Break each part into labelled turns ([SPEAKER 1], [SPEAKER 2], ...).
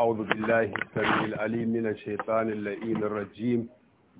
[SPEAKER 1] أعوذ بالله السميع العليم من الشيطان اللئيم الرجيم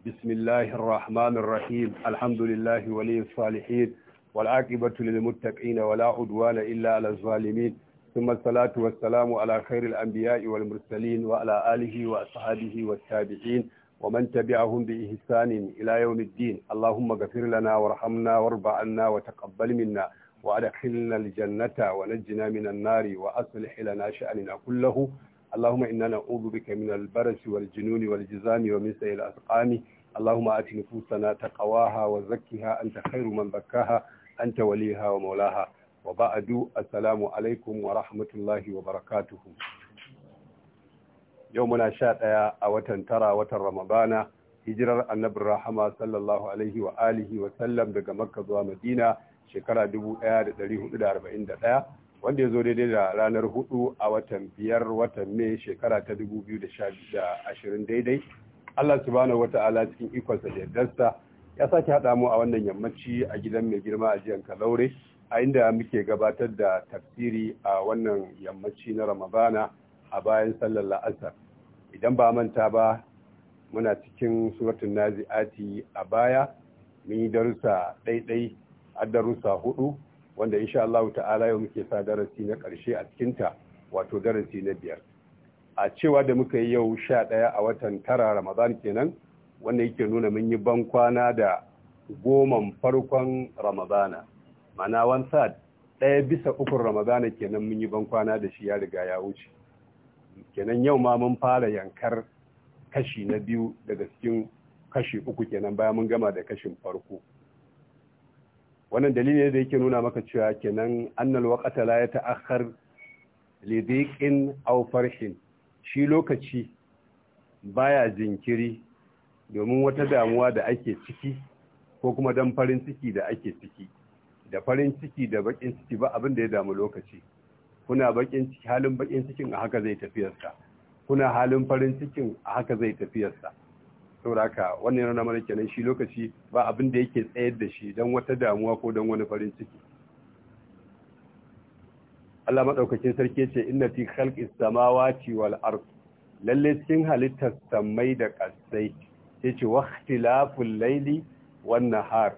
[SPEAKER 1] بسم الله الرحمن الرحيم الحمد لله ولي الصالحين والعاقبة للمتقين ولا عدوان إلا على الظالمين ثم الصلاة والسلام على خير الأنبياء والمرسلين وعلى آله وأصحابه والتابعين ومن تبعهم بإحسان إلى يوم الدين اللهم اغفر لنا وارحمنا وارض عنا وتقبل منا وأدخلنا الجنة ونجنا من النار وأصلح لنا شأننا كله اللهم إنا نعوذ بك من البرس والجنون والجزام ومن سيء الأسقام اللهم آت نفوسنا تقواها وزكها أنت خير من زكاها أنت وليها ومولاها وبعد السلام عليكم ورحمة الله وبركاته يومنا شاد أوتن ترى وتن رمضان hijirar annabin rahama sallallahu alaihi wa alihi wa sallam daga makka zuwa madina shekara 1441 wanda ya zo daidai da ranar hudu a watan biyar watan ne shekara ta 2020 daidai Allah subhanahu wata'ala cikin ikonsa da yardarsa ya sake haɗa mu a wannan yammaci a gidan mai girma a jiyan kalaure a inda muke gabatar da tafsiri a wannan yammaci na ramadana a bayan sallar la'asar idan ba manta ba muna cikin suratun nazi'ati a baya mun yi darussa ɗaiɗai a darussa hudu wanda insha Allah ta'ala yau muke sa darasi na ƙarshe a cikin ta wato darasi na biyar a cewa da muka yi yau sha ɗaya a watan tara ramadan kenan wanda yake nuna mun yi ban kwana da goman farkon ramadana mana wan sa ɗaya bisa ukun ramadana kenan mun yi ban kwana da shi ya riga ya wuce kenan yau ma mun fara yankar kashi na biyu daga cikin kashi uku kenan bayan mun gama da kashin farko wannan dalili ne da yake nuna maka cewa kenan annal waqata la yata'akhkhar li dhiqin aw farshin shi lokaci baya jinkiri domin wata damuwa da ake ciki ko kuma dan farin ciki da ake ciki da farin ciki da bakin ciki ba abin da ya damu lokaci kuna bakin ciki halin bakin cikin a haka zai tafiyarsa kuna halin farin cikin a haka zai tafiyarsa saboda haka wannan yana mana kenan shi lokaci ba abin da yake tsayar da shi don wata damuwa ko don wani farin ciki Allah madaukakin sarki ce inna fi khalqi samawati wal ard lalle cikin halittar samai da kasai yace waqtilaful layli wan nahar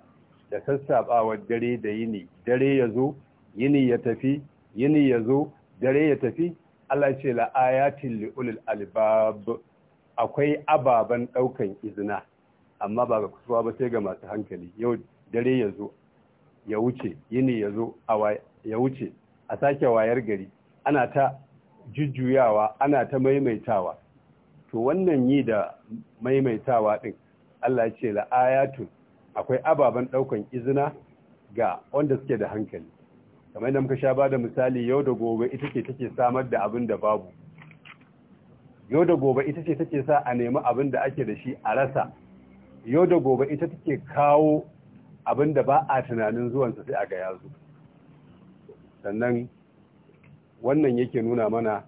[SPEAKER 1] da sassabawa dare da yini dare yazo yini ya tafi yini yazo dare ya tafi Allah ce la ayatin li ulil albab akwai ababen ɗaukan izina amma ba ga kusurwa ba sai ga masu hankali yau dare ya zo ya wuce yini ya zo ya wuce a sake wayar gari ana ta jujjuyawa ana ta maimaitawa to wannan yi da maimaitawa ɗin Allah ce la'ayatun akwai ababen ɗaukan izina ga wanda suke da hankali kamar na muka sha ba da misali yau da gobe ita ce take samar da abin da babu yau da gobe ita ce take sa a nemi abin da ake da shi a rasa yau da gobe ita take kawo abin da ba a tunanin zuwansa sai a ga yazo sannan wannan yake nuna mana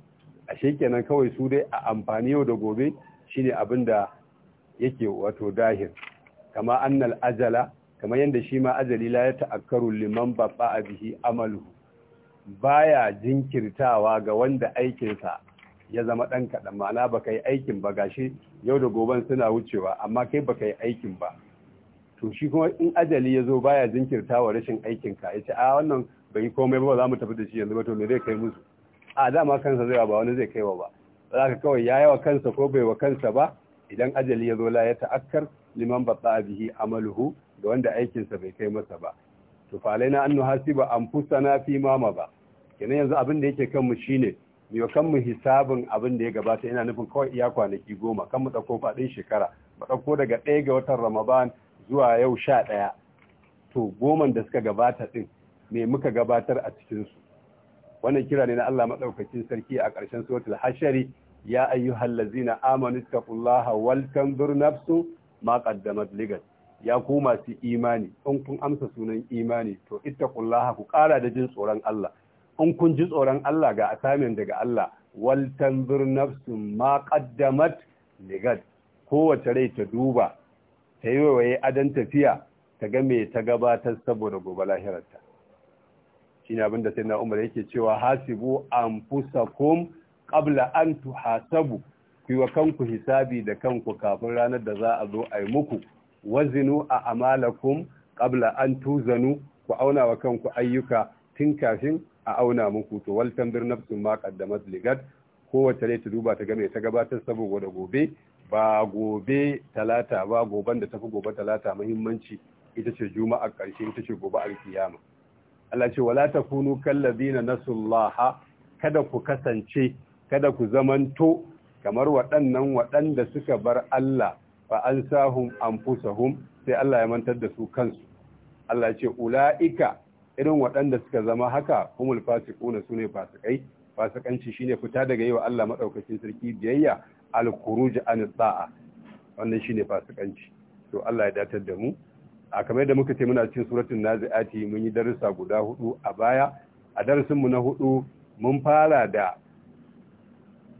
[SPEAKER 1] ashe kenan kawai su dai a amfani yau da gobe shine abin da yake wato dahir kama annal ajala kama yadda shi ma ajali la ya ta'akkaru liman babba a bihi amalu baya jinkirtawa ga wanda aikinsa ya zama ɗan kaɗan ma'ana ba ka yi aikin ba gashi yau da goben suna wucewa amma kai ba ka yi aikin ba to shi kuma in ajali ya zo baya jinkirta wa rashin aikin ka ya ce a wannan bai yi komai ba za mu tafi da shi yanzu ba to me zai kai musu a dama kansa zai ba wani zai kaiwa ba za ka kawai ya wa kansa ko bai wa kansa ba idan ajali ya zo la ya ta'akkar liman batsa bihi amaluhu ga wanda aikinsa bai kai masa ba to falai na annu hasiba an na fi mama ba kenan yanzu abin da yake kanmu shine mai kan mu hisabin abin da ya gabata yana nufin kawai iya kwanaki goma kan mu ɗauko faɗin shekara ba ɗauko daga ɗaya ga watan ramadan zuwa yau sha ɗaya to goman da suka gabata ɗin me muka gabatar a cikinsu wannan kira ne na Allah maɗaukacin sarki a ƙarshen suratul hashari ya ayyuhal ladzina amanu taqullaha wal tanzur nafsu ma qaddamat ligat ya ku masu imani in kun amsa sunan imani to ita ittaqullaha ku ƙara da jin tsoron Allah in kun ji tsoron Allah ga asamin daga Allah wal tanzur nafsun ma qaddamat ligad kowace rai ta duba ta yi waye adan tafiya ta ga me ta gabatar saboda gobe lahirarta shine abin da sai na Umar yake cewa hasibu anfusakum qabla an tuhasabu ku yi wa kanku hisabi da kanku kafin ranar da za a zo a yi muku wazinu a amalakum qabla an zanu ku auna wa kanku ayyuka tun kafin a auna muku to wal tanzir nafsun ma qaddamat ligad kowace ne ta duba ta game ta gabatar saboda gobe ba gobe talata ba goban da tafi gobe talata muhimmanci ita ce juma'a ƙarshe ita ce gobe alkiyama Allah ce wala takunu kallazina nasullaha kada ku kasance kada ku zamanto kamar waɗannan waɗanda suka bar Allah fa ansahum anfusahum sai Allah ya mantar da su kansu Allah ce ula'ika irin waɗanda suka zama haka humul su ne fasikai fasikanci shine fita daga yawa Allah maɗaukacin sarki biyayya al khuruj an sa'a wannan shine fasikanci to Allah ya datar da mu a kamar da muka ce muna cikin suratul naziati mun yi darussa guda hudu a baya a darasin mu na hudu mun fara da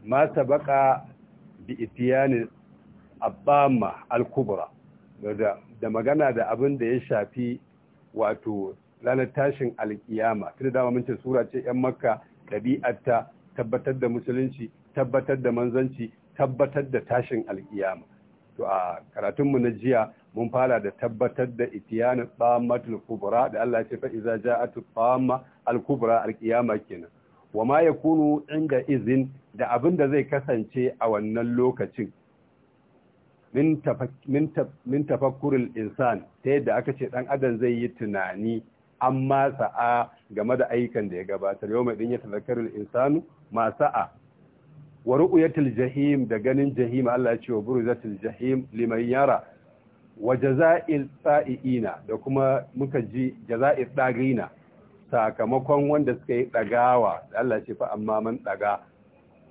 [SPEAKER 1] ma sabaka bi itiyani abama al kubra da magana da abin da ya shafi wato ranar tashin alkiyama tunda dama mun ce sura ce yan makka ɗabi'arta tabbatar da musulunci tabbatar da manzanci tabbatar da tashin alkiyama to a karatunmu na jiya mun fara da tabbatar da itiyana tsammatul kubra da Allah ya ce fa iza ja'atu tsamma al kubra al qiyama kenan wa ma yakunu inda izin da abin da zai kasance a wannan lokacin min tafakkurul insan ta yadda aka ce dan adam zai yi tunani amma sa'a game da ayyukan da ya gabatar yau mai dinya tazakkarul insanu ma sa'a wa ru'yatul jahim da ganin jahim Allah ya ce wa buruzatul jahim liman yara wa jaza'il sa'iina da kuma muka ji jaza'il dagina sakamakon wanda suka yi dagawa Allah ya ce fa amma man daga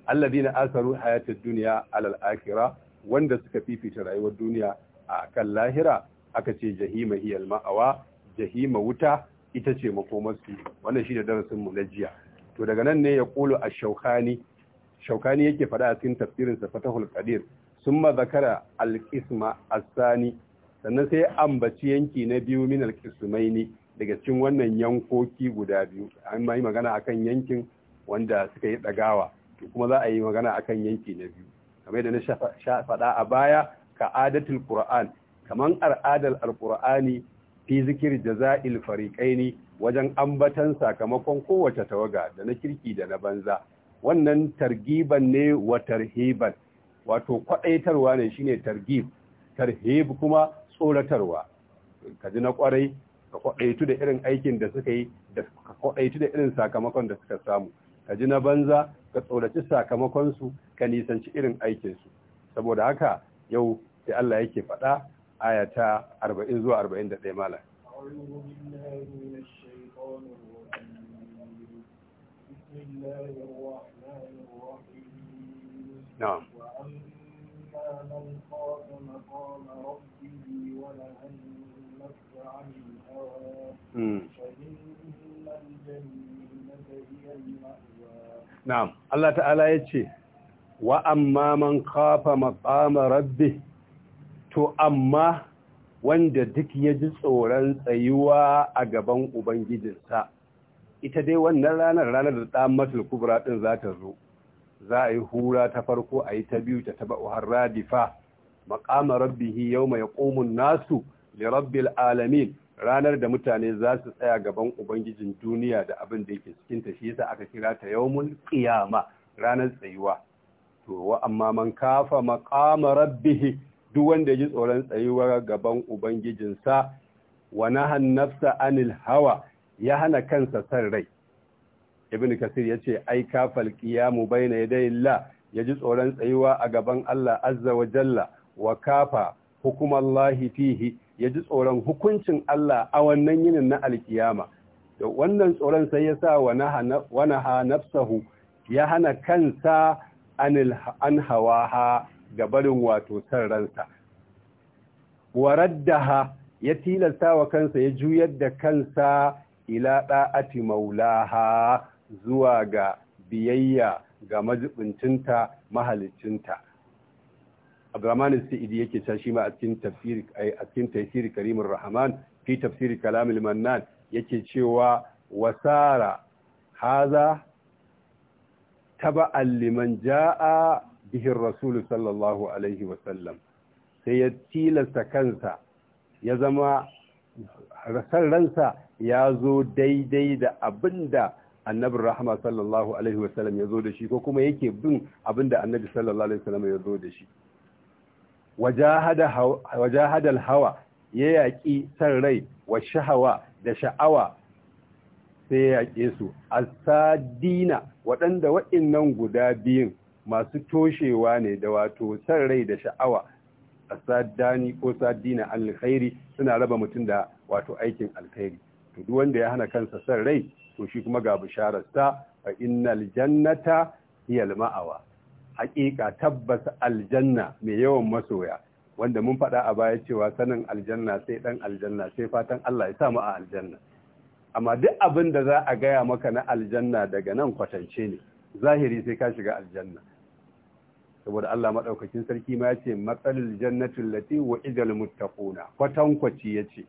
[SPEAKER 1] alladhina asaru hayatid dunya alal akhirah wanda suka fifita rayuwar duniya a kan lahira aka ce jahima hiyal ma'awa jahima wuta ita ce makomarsu wannan da darasin mu na jiya to daga nan ne ya kulu a shaukani shaukani yake faɗa a cikin tafsirin sa fatahul qadir ma zakara al a sani sannan sai ambaci yanki na biyu min al-qismaini daga cikin wannan yankoki guda biyu an ma yi magana akan yankin wanda suka yi dagawa to kuma za a yi magana akan yanki na biyu kamar da na faɗa a baya ka adatul qur'an kaman al'adar alqur'ani fi zikir jaza'il fariqaini wajen ambatan sakamakon kowace tawaga da na kirki da na banza wannan targiban ne wa tarhiban wato kwadaitarwa ne shine targib tarhib kuma tsoratarwa ka ji na kwarai ka kwadaitu da irin aikin da suka yi ka kwadaitu da irin sakamakon da suka samu ka ji na banza ka tsoraci sakamakonsu ka nisanci irin aikinsu. saboda haka yau sai Allah yake faɗa aya ta 40 zuwa 41 malam na'am hmm. Na’am, Allah ta’ala ya ce, Wa’an man kafa maƙama rabbi, to amma wanda duk ya ji tsoron tsayuwa a gaban ubangijinsa ita dai wannan ranar ranar da ɗan masul kubra ɗin za ta zo za a yi hura ta farko a yi ta biyu ta taba har radifa maƙama rabbihi yau mai ƙomun nasu li rabbil alamin ranar da mutane za su tsaya gaban ubangijin duniya da abin da yake cikin ta shi yasa aka kira ta yawmul qiyama ranar tsayuwa to wa amma man kafa maqama rabbihi duk wanda ya ji tsoron tsayuwar gaban ubangijinsa wa nahan nafsa anil hawa ya hana kansa san rai ibn kasir yace ai kafal qiyamu baina yaday Allah ya ji tsoron tsayuwa a gaban Allah azza wa jalla wa kafa hukumallahi fihi ya ji tsoron hukuncin Allah a wannan yinin na alkiyama da wannan tsoron sai ya sa wa nafsahu ya hana kansa an hawaha ga barin wato san ransa waraddaha ya tilasta wa kansa ya juyar da kansa ila da'ati maulaha zuwa ga biyayya ga majibincinta mahalicinta abdurrahman sa'idi yake cewa shi ma a cikin tafsir a cikin tafsir karimur rahman fi tafsir kalamul mannan yake cewa wasara haza taba liman ja'a bihin rasulu sallallahu alaihi wasallam sai ya tilasta kansa ya zama san ransa ya zo daidai da abinda annabin rahama sallallahu alaihi wasallam ya zo da kuma yake bin abinda annabi sallallahu alaihi wasallam ya zo da shi wajahada ya yaƙi san rai wa shahawa da sha'awa sai ya yaƙe su asadina waɗanda waɗannan guda biyun masu toshewa ne da wato san rai da sha'awa a sadani ko sadina alkhairi suna raba mutum da wato aikin alkhairi to duk wanda ya hana kansa san rai to shi kuma ga bisharar ta fa innal jannata hiya ma'awa haƙiƙa tabbas aljanna mai yawan masoya wanda mun faɗa a baya cewa sanin aljanna sai ɗan aljanna sai fatan Allah ya sa mu a aljanna amma duk abin da za a gaya maka na aljanna daga nan kwatance ne zahiri sai ka shiga aljanna saboda Allah maɗaukacin sarki ma yace matsalul jannatu allati wa'idal muttaquna kwatankwaci ce.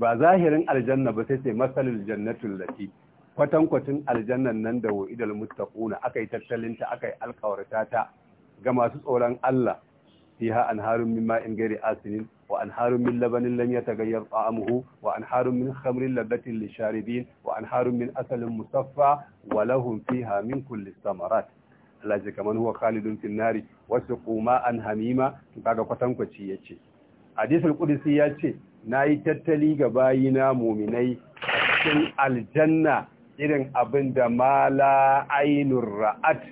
[SPEAKER 1] ba zahirin aljanna ba sai sai "Matsalil jannatin allati kwatankwacin aljannan nan da wa'idal muttaquna akai tattalin ta akai alƙawarta ta ga masu tsoron Allah fiha anharun min ma'in ghairi asinin wa anharun min labanin lam yataghayyar ta'amuhu wa anharun min khamrin labatin lisharibin wa anharun min asalin musaffa wa lahum fiha min kulli thamarat Allah ce kaman huwa khalidun fil nari wasu kuma an hamima to kaga kwatankwaci yace hadisul qudsi yace nayi tattali ga bayina muminai a cikin aljanna irin abinda da mala ainur ra'at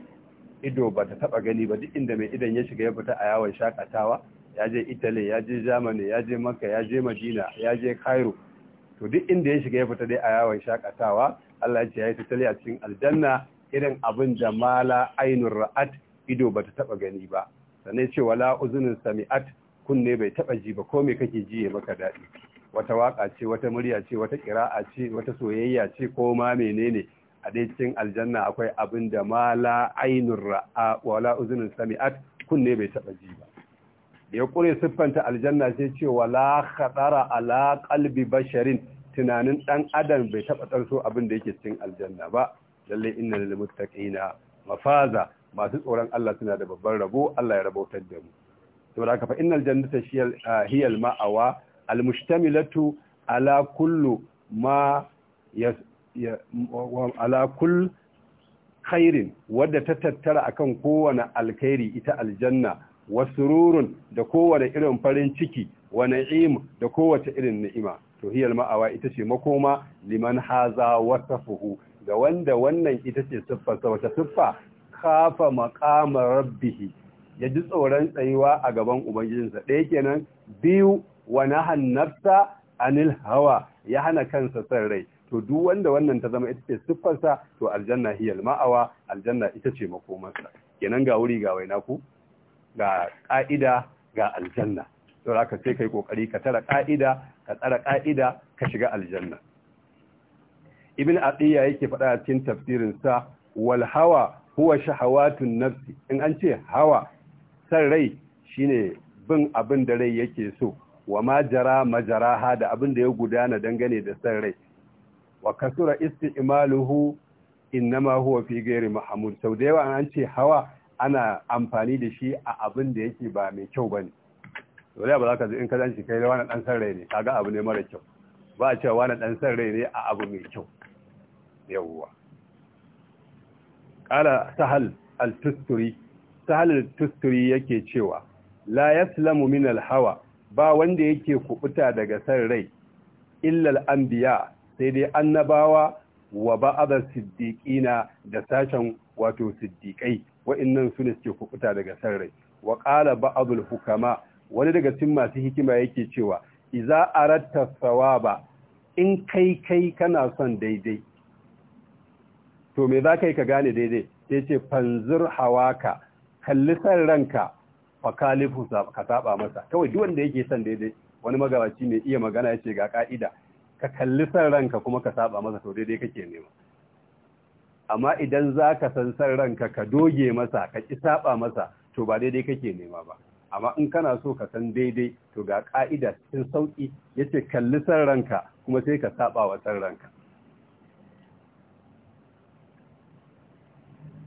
[SPEAKER 1] ido bata taba gani ba duk inda mai idan ya shiga ya fita a yawon shakatawa ya je italy ya je germany ya je makka ya je madina ya je cairo to duk inda ya shiga ya fita dai a yawon shakatawa Allah ya ce ya yi tattali a cikin aljanna irin abin da mala ainun ra'at ido bata taba gani ba sannan ce wala uzunin sami'at kunne bai taba ji ba ko me kake ji ya maka daɗi wata waka ce wata murya ce wata ƙira'a ce wata soyayya ce ko ma menene a dai cikin aljanna akwai abin da mala ainun ra'a wala uzunin sami'at kunne bai taba ji ba da ya kure siffanta aljanna sai ce wala khatara ala qalbi basharin tunanin ɗan adam bai taba tsarso abin da yake cin aljanna ba lalle inna lil muttaqina mafaza masu tsoron Allah suna da babban rabo Allah ya rabautar da mu saboda haka fa innal jannata hiya ah, al ma'awa al mustamilatu ala kullu ma ala kull khairin wadda ta tattara akan kowane alkhairi ita aljanna wasururun da kowane irin farin ciki wa na'im da kowace irin ni'ima to hiyal ma'awa ita ce makoma liman haza wasafuhu ga wanda wannan ita ce siffa wata siffa kafa maqama rabbihi ya ji tsoron tsayuwa a gaban ubangijinsa ɗaya kenan biyu wa nahan nafsa anil hawa ya hana kansa san rai to duk wanda wannan ta zama ita ce siffarsa to aljanna hiyal ma'awa aljanna ita ce makomarsa kenan ga wuri ga waina ku ga ka'ida ga aljanna to haka sai kai kokari ka tara ka'ida ka tsara ka'ida ka shiga aljanna ibn aqiya yake faɗa a cikin tafsirin sa wal hawa huwa shahawatun nafsi in an ce hawa san rai shine bin abin da rai yake so wa ma jara majaraha da abin da ya gudana dangane da san rai wa kasura isti'maluhu innama huwa fi ghairi mahmud sau da yawa an ce hawa ana amfani da shi a abin da yake ba mai kyau bane dole ba za ka ji in ka shi kai wani dan san rai ne kaga abu ne mara kyau ba a cewa wani dan san rai ne a abu mai kyau yawwa ƙala sahal al-tusturi sahal al-tusturi yake cewa la yaslamu min al-hawa ba wanda yake kubuta daga san rai illa al-anbiya sai dai annabawa wa ba'da siddiqina da sashen wato siddiqai wa'annan sune ke suke kubuta daga san rai wa qala ba'dul hukama wani daga cikin masu hikima yake cewa iza aratta sawaba in kai kai kana son daidai to me za ka yi ka gane daidai sai ce fanzur ka. kalli san ranka fa kalifu ka saba masa kawai duk wanda yake son daidai wani magabaci mai iya magana ya ce ga ka'ida ka kalli san ranka kuma ka saba masa to daidai kake nema amma idan za ka san san ranka ka doge masa ka ki saba masa to ba daidai kake nema ba amma in kana so ka san daidai to ga ka'ida cikin sauki yace kalli san ranka kuma sai ka saba wa san ranka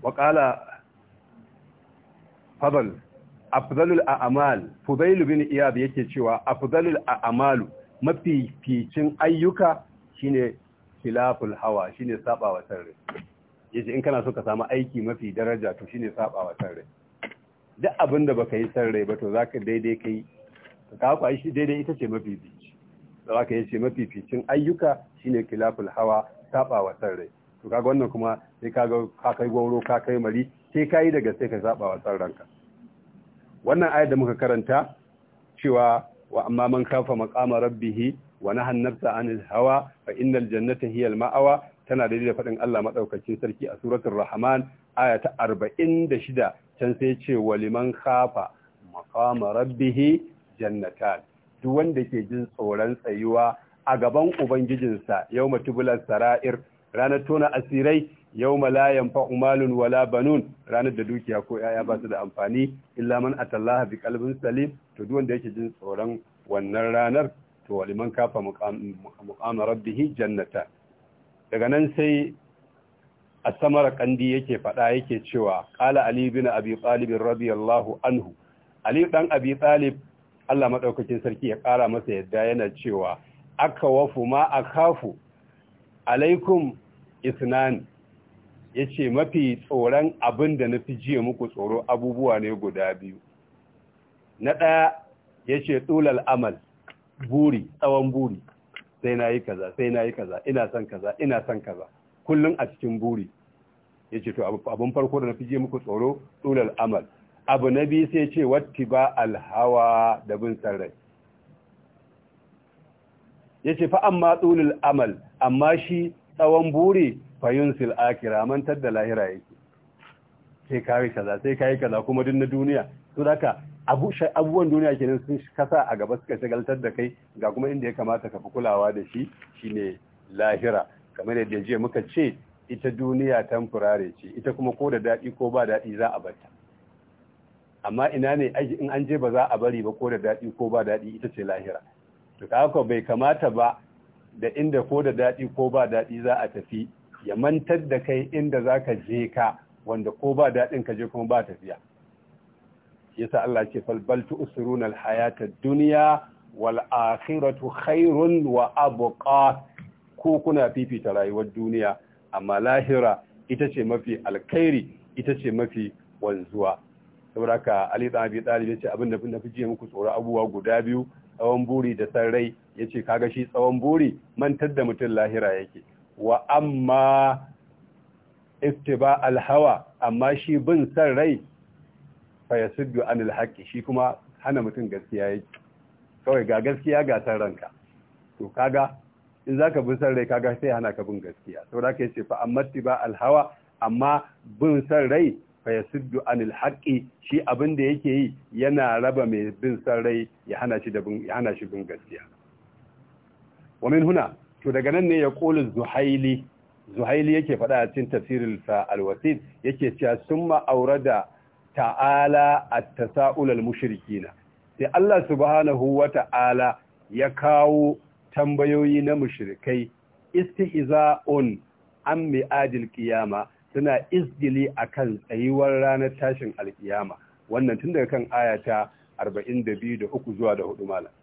[SPEAKER 1] وقال فضل افضل الاعمال فضيل بن iyab yake cewa afdalul a'malu mafificin ayyuka shine khilaful hawa shine wa sarre yace in kana so ka samu aiki mafi daraja to shine wa sarre duk abinda baka yi sarre ba to zaka daidai kai ka kafa shi daidai ita ce mafifici zaka yace mafificin ayyuka shine khilaful hawa wa sarre to kaga wannan kuma sai kaga ka kai gwauro ka kai mari sai ka yi daga sai ka saba wa san ranka wannan ayar da muka karanta cewa wa amma man kafa maqama rabbihi wa nahan nafsa an hawa fa innal jannata hiyal ma'awa tana daidai da faɗin Allah madaukakin sarki a suratul rahman aya ta 46 can sai ce wa liman kafa maqama rabbihi jannatan duk wanda ke jin tsoron tsayuwa a gaban ubangijinsa yau matubular sara'ir ranar tona asirai yau malayan fa'umalun wala banun ranar da dukiya ko ‘ya'ya ba su da amfani illa man atallaha bi kalbin salim to duk wanda yake jin tsoron wannan ranar to waliman kafa muqama rabbihi jannata daga nan sai a samar kandi yake faɗa yake cewa ƙala ali bin abi talib radiyallahu anhu ali dan abi talib Allah madaukakin sarki ya ƙara masa yadda yana cewa aka wafu ma akafu alaikum isnan ya ce mafi tsoron abin da na fi jiya muku tsoro abubuwa ne guda biyu na ɗaya ya ce tsulal amal buri tsawon buri sai na yi kaza sai na yi kaza ina son kaza ina son kaza kullum a cikin buri ya ce to abin farko da na fi jiya muku tsoro tsulal amal abu na biyu sai ce watti ba alhawa da bin sarrai yace fa amma tsulul amal amma shi tsawon buri fayunsil akira mantar da lahira yake sai kai kaza sai kai kaza kuma duk na duniya to haka abubuwan duniya ke nan sun kasa a gaba suka shagaltar da kai ga kuma inda ya kamata ka fi kulawa da shi shi ne lahira kamar yadda jiya muka ce ita duniya furare ce ita kuma ko da daɗi ko ba daɗi za a bata amma ina ne in an je ba za a bari ba ko da daɗi ko ba daɗi ita ce lahira to kako bai kamata ba da inda ko da daɗi ko ba daɗi za a tafi ya mantar da kai inda za ka je ka wanda ko ba daɗin ka je kuma ba tafiya yasa Allah ce falbaltu usrun alhayata duniya wal akhiratu khairun wa abqa ko kuna fifita rayuwar duniya amma lahira ita ce mafi alkhairi ita ce mafi wanzuwa saboda haka Ali dan Abi Talib ce abin da fi ji muku tsoro abubuwa guda biyu tsawon buri da san rai, ya ce kaga shi tsawon buri mantar da mutum lahira yake wa amma iftiba alhawa amma shi bin rai, fa yasuddu an alhaki shi kuma hana mutum gaskiya yake kawai ga gaskiya ga san ranka to kaga in za ka bin san rai kaga sai hana ka bin gaskiya saboda da ka ce fa amma tiba alhawa amma bin san rai fayasiddu anil haqqi shi abin da yake yi yana raba mai bin san ya hana shi bin gaskiya wa huna to daga nan ne ya qulu zuhaili zuhaili yake faɗa a cikin tafsirin sa alwasid yake cewa summa da ta'ala at-tasa'ul al-mushrikina sai Allah subhanahu wa ta'ala ya kawo tambayoyi na mushrikai istihza'un an mi'adil qiyama suna a kan tsayuwar ranar tashin alkiyama wannan tun daga kan ayata 42 da 3 zuwa da 4 malam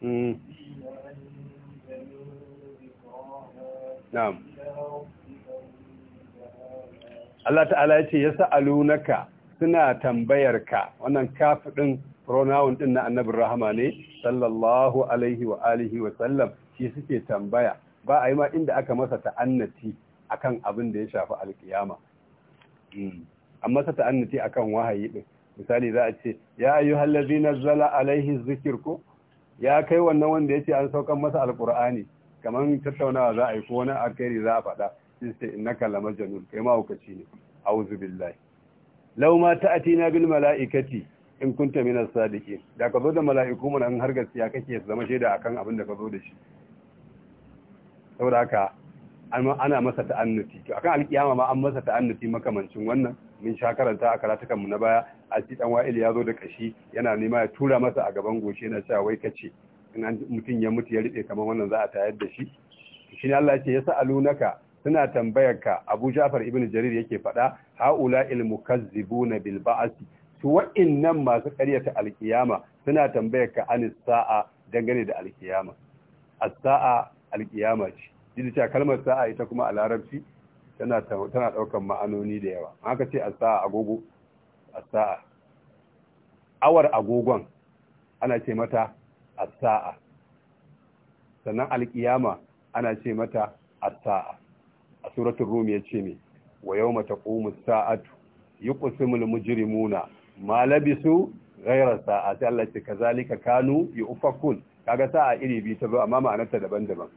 [SPEAKER 1] hmm. Na'am. Allah ta'ala ya ce ya sa'alunaka suna tambayarka wannan kafin pronoun ɗin na annabin rahama ne sallallahu alaihi wa alihi wa sallam shi suke tambaya ba a yi ma inda aka masa ta'annati akan abin da ya shafi alkiyama hmm. an masa ta'annati akan wahayi din misali za a ce ya ayu hallazi nazzala alaihi zikir ko ya kai wannan wanda ya ce an saukan masa alkur'ani kamar tattaunawa za a yi ko wani alkhairi za a faɗa sai ce innaka lamajnun kai ma hukaci ne a'udhu billahi law ma ta'tina bil mala'ikati in kunta minas sadiqin da ka zo da mala'iku mun an har gaskiya kake zama shaida akan abin da ka zo da shi saboda haka ana masa ta'annuti to akan alkiyama ma an masa ta'annuti makamancin wannan mun sha karanta a karatukan mu na baya a cikin dan wa'il ya zo da kashi yana nema ya tura masa a gaban goshi na cewa wai kace in an mutum ya mutu ya rike kamar wannan za a tayar da shi shine Allah ya ce alunaka suna tambayar ka Abu Ja'far ibn Jarir yake faɗa haula il mukazzibuna bil ba'si su wa'innan masu ƙaryata alkiyama suna tambayar ka anis sa'a dangane da alkiyama as-sa'a alkiyama ce jini cewa kalmar sa'a ita kuma a larabci tana daukan ma'anoni da yawa haka ce a sa'a agogo a sa'a awar agogon ana ce mata a sa'a sannan alkiyama ana ce mata a sa'a a suratun rumi ya ce me wa yau mata sa'atu yi ƙusimul mujirimuna ma labisu gairar sa'a sai Allah ce ka zalika kanu yi ufakun kaga sa'a iri biyu ta zo amma ma'anarta daban-daban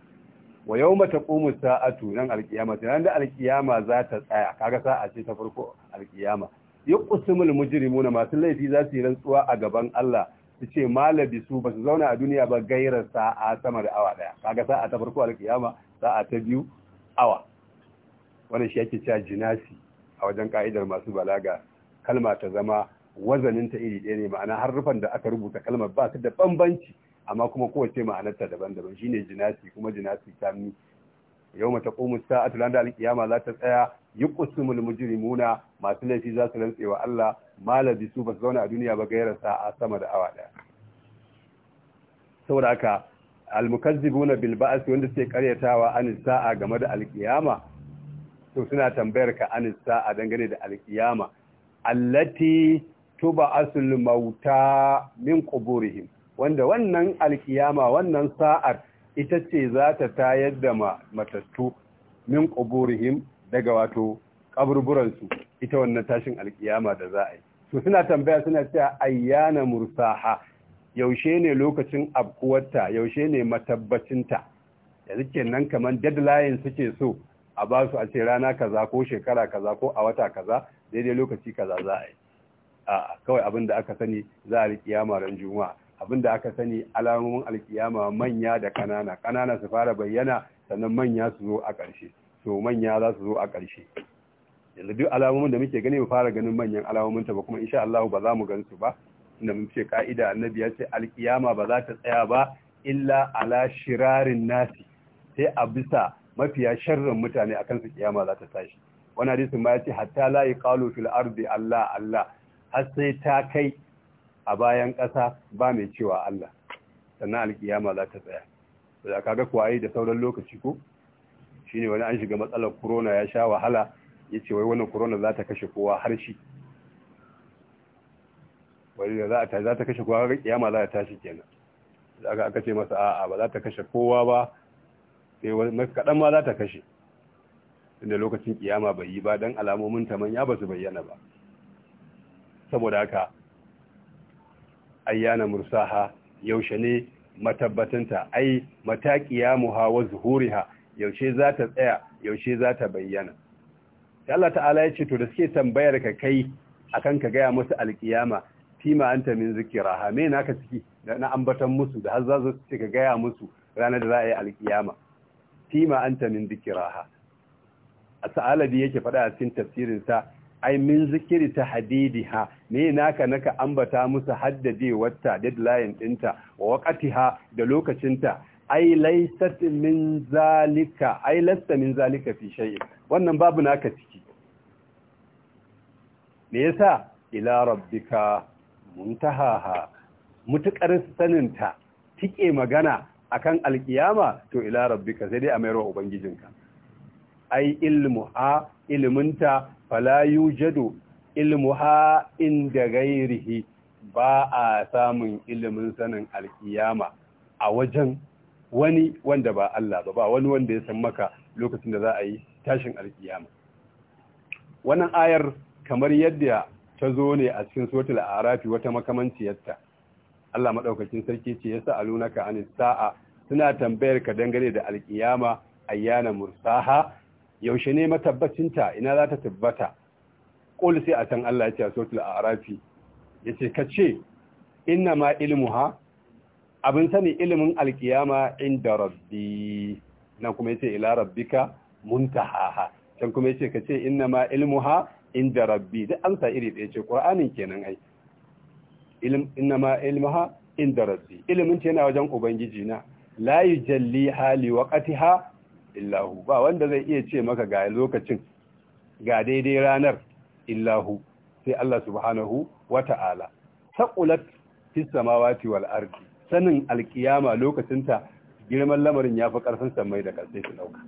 [SPEAKER 1] wa yau mata ƙumu sa'atu nan alƙiyama tunan da Alkiyama za ta tsaya kaga sa'a ce ta farko alƙiyama yi mujrimuna masu laifi za su yi rantsuwa a gaban Allah su ce malabi su ba su zauna a duniya ba gaira sa'a sama da awa ɗaya kaga sa'a ta farko alƙiyama sa'a ta biyu awa wannan shi yake cewa jinasi a wajen ka'idar masu balaga kalma ta zama wazanin ta iri ɗaya ne ma'ana rufan da aka rubuta kalmar ba su da bambanci amma kuma kowace ma'anarta daban-daban shine jinasi kuma jinasi sami yau taqumu sa'atu lan da alƙiyama za ta tsaya yuqsimul mujrimuna masu laifi za su rantse wa Allah malabi su ba su zauna a duniya ba gairar sa'a sama da awa ɗaya. saboda haka almukazzibuna bil ba'si wanda suke karyatawa an sa'a game da alƙiyama to suna tambayar ka an sa'a dangane da alƙiyama allati tuba mauta min quburihim wanda wannan alkiyama wannan sa'ar ita ce za ta tayar da matattu min ƙuburihim daga wato ƙaburburansu ita wannan tashin alkiyama da za a yi su suna tambaya suna cewa ayyana mursaha yaushe ne lokacin abkuwarta yaushe ne matabbacinta zike nan kamar deadline suke so a ba su a ce rana kaza ko shekara kaza ko a wata kaza daidai lokaci kaza za a yi a kawai abin da aka sani za a kiyama ran juma'a abin da aka sani alamomin alkiyama manya da kanana kanana su fara bayyana sannan manya su zo a ƙarshe to manya za su zo a ƙarshe yanzu duk alamomin da muke gani mu fara ganin manyan alamomin ta ba kuma insha Allah ba za mu gan su ba inda mun ce ka'ida annabi ya ce alkiyama ba za ta tsaya ba illa ala shirarin nasi sai a bisa mafiya sharrin mutane akan su kiyama za ta tashi wani hadisin ma ya ce hatta la yaqalu fil ardi Allah Allah har sai ta kai a bayan ƙasa ba mai cewa Allah sannan alkiyama za ta tsaya da kaga kwaye da sauran lokaci ko shine wani an shiga matsalar corona ya sha wahala yace wai wannan corona za ta kashe kowa har shi wani da za ta za ta kashe kowa ga kiyama za ta tashi kenan ka aka ce masa a'a ba za ta kashe kowa ba sai wani kadan ma za ta kashe inda lokacin kiyama bai yi ba dan alamomin ta manya ya su bayyana ba saboda haka ayyana mursaha yaushe ne matabbatinta ai mataqiya muha wa zuhuriha yaushe za ta tsaya yaushe za ta bayyana Allah ta'ala ya ce to da suke tambayar ka kai akan ka gaya musu alkiyama fima anta min zikiraha me naka ciki da na ambatan musu da har za su ce ka gaya musu ranar da za a yi alkiyama fima anta min zikiraha a sa'alabi yake faɗa a cikin tafsirin sa ai min zikiri ta hadidiha ne naka naka ambata musu wata deadline dinta wa wakati ha da lokacinta ai laysat min zalika ai lasta min zalika fi shay'in wannan babu naka ciki me yasa ila rabbika muntahaha mutukar ta, tike magana akan alkiyama to ila rabbika sai dai a mayarwa ubangijinka ai ilmuha ilminta fala yujadu ha inda gairihi ba a samun ilimin sanin alkiyama a wajen wani wanda ba Allah ba ba wani wanda ya san maka lokacin da za a yi tashin alkiyama wannan ayar kamar yadda ta zo ne a cikin suratul arafi wata makamanciyarta Allah madaukakin sarki ce yasa alunaka anis sa'a suna tambayar ka dangane da alkiyama ayyana mursaha yaushe ne matabbacinta ina za ta tabbata ƙul sai a can Allah ya ce a sotul a arafi ya ce ka ce ina ma ilmu ha abin sani ilimin alkiyama inda rabbi na kuma ya ce ila ka ha ha can kuma ya ce ka ce ina ma ilmu ha inda rabbi an amsa iri ɗaya ce ƙur'anin kenan ai ina ma ilmu ha inda rabbi ilimin ce yana wajen ubangiji na la yi jalli hali ha? illahu ba wanda zai iya ce maka ga lokacin ga daidai ranar illahu sai Allah subhanahu wata'ala saqulat fis samawati wal ardi sanin alkiyama lokacinta girman lamarin yafi karfin samai da karsai su dauka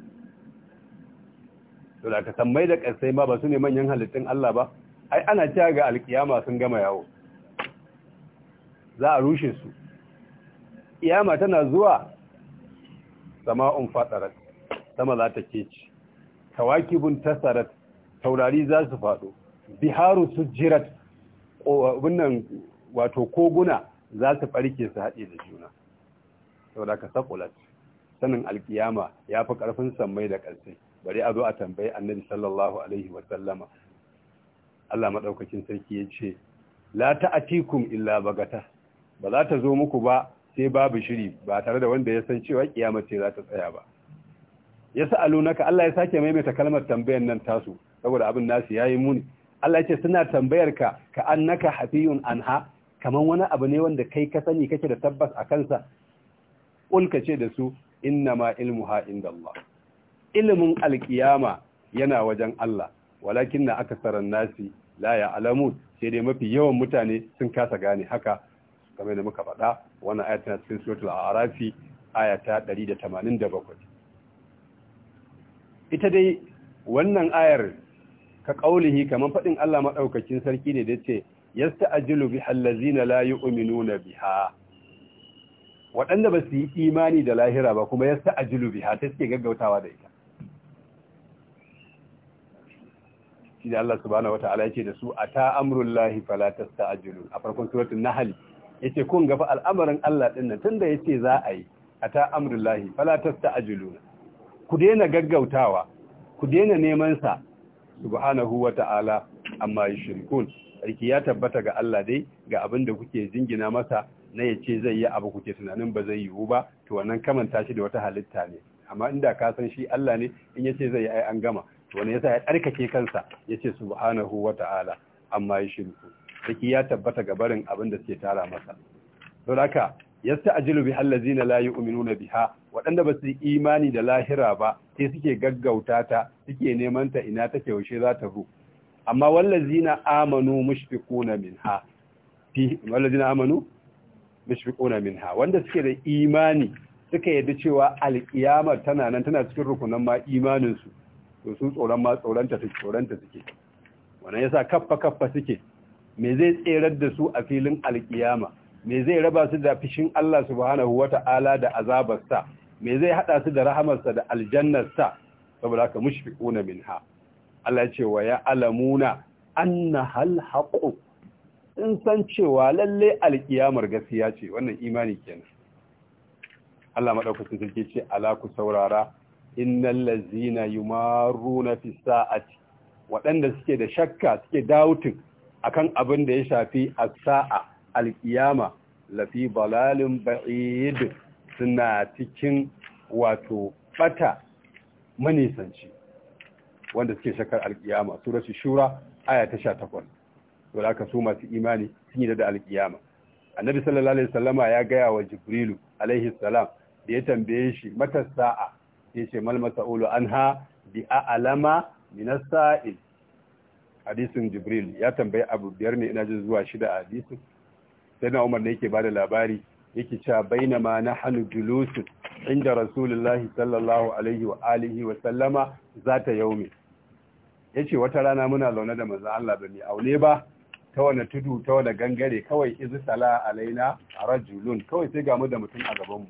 [SPEAKER 1] to da ka samai da karsai ma ba su ne manyan halittun Allah ba ai ana cewa ga alkiyama sun gama yawo za a rushe su kiyama tana zuwa sama'un fatarat sama za ta keci kawakibun tasarat taurari za su faɗo biharu su jirat wannan wato koguna za su farke su haɗe da juna saboda ka sakulat sanin alƙiyama ya fi ƙarfin sammai da ƙarfi bari a zo a tambayi annabi sallallahu alaihi wasallama Allah maɗaukacin sarki ya ce la ta'atikum illa bagata ba za ta zo muku ba sai babu shiri ba tare da wanda ya san cewa kiyama ce za ta tsaya ba naka Allah ya sake maimaita kalmar tambayar nan tasu saboda abin nasu yayi muni Allah ya ce suna tambayar ka ka annaka hafiyun anha Kamar wani abu ne wanda kai ka sani kake da tabbas a kansa ulka ce da su 'Inna innama ilmuha Allah' ilimin alkiyama yana wajen Allah walakin na aka saran nasi la ya alamun sai dai mafi yawan mutane sun kasa gane haka kamar da muka faɗa wannan ayatuna cikin suratul a'rafi ayata 187 ita dai wannan ayar ka ƙaulihi kamar faɗin Allah maɗaukacin sarki ne da ce yasta ajilu bi layi la yu'minuna biha waɗanda ba su yi imani da lahira ba kuma yasta biha ta suke gaggautawa da ita shi da Allah subhanahu wata'ala ce da su ata amrullahi fala tasta'jilu a farkon suratul nahl yace kun ga fa al'amarin Allah ɗin nan tunda yace za a yi ata amrullahi fala tasta'jilu ku daina gaggautawa ku daina neman sa subhanahu wata'ala amma yushrikun aiki ya tabbata ga Allah dai ga abin da kuke jingina masa na yace zai yi abu kuke tunanin ba zai yiwu ba to wannan kamanta shi da wata halitta ne amma inda ka san shi Allah ne in yace zai yi ai an gama to wannan yasa ya tsarkake kansa yace subhanahu wata'ala amma yushrikun aiki ya tabbata ga barin abin da suke tara masa don haka yasta'jilu biha allazina la yu'minuna biha waɗanda ba su imani da lahira ba sai suke gaggauta ta suke neman ta ina take yaushe za ta zo amma wallazina amanu mushfiquna minha fi wallazina amanu mushfiquna minha wanda suke da imani suka yadda cewa alkiyama tana nan tana cikin rukunan ma imanin su to su tsoron ma tsoronta suke tsoronta suke wannan yasa kaffa kaffa suke me zai tserar da su a filin alkiyama me zai raba su da fishin Allah subhanahu wata'ala da azabarsa me zai hada su da rahamarsa da aljannarsa saboda haka mushfiquna minha Allah ya ce wa ya alamuna anna hal haqu in san cewa lalle alkiyamar gaskiya ce wannan imani kenan Allah madaukakin sarki ce ala ku saurara innal ladzina yumaruna fi sa'ati waɗanda suke da shakka suke doubting akan abin da ya shafi as-sa'a alkiyama lafi balalin ba'id suna cikin wato bata manisanci wanda suke shakar alkiyama suratu shura aya ta 18 to da aka so masu imani sun yi da alkiyama annabi sallallahu alaihi wasallama ya gaya wa jibrilu alaihi salam da ya tambaye shi mata sa'a ya ce mal masa'ulu anha bi a'lama min as-sa'il hadisin jibril ya tambaye abu biyar ne ina jin zuwa shida a hadisin sai na umar ne yake ba da labari yake cewa baina ma na hannu julusu inda rasulullahi sallallahu alaihi wa alihi wa sallama za ta yaumi ya ce wata rana muna zaune da maza Allah ba mai aune ba ta tudu ta wani gangare kawai izu sala alaina a rajulun kawai sai gamu da mutum a gabanmu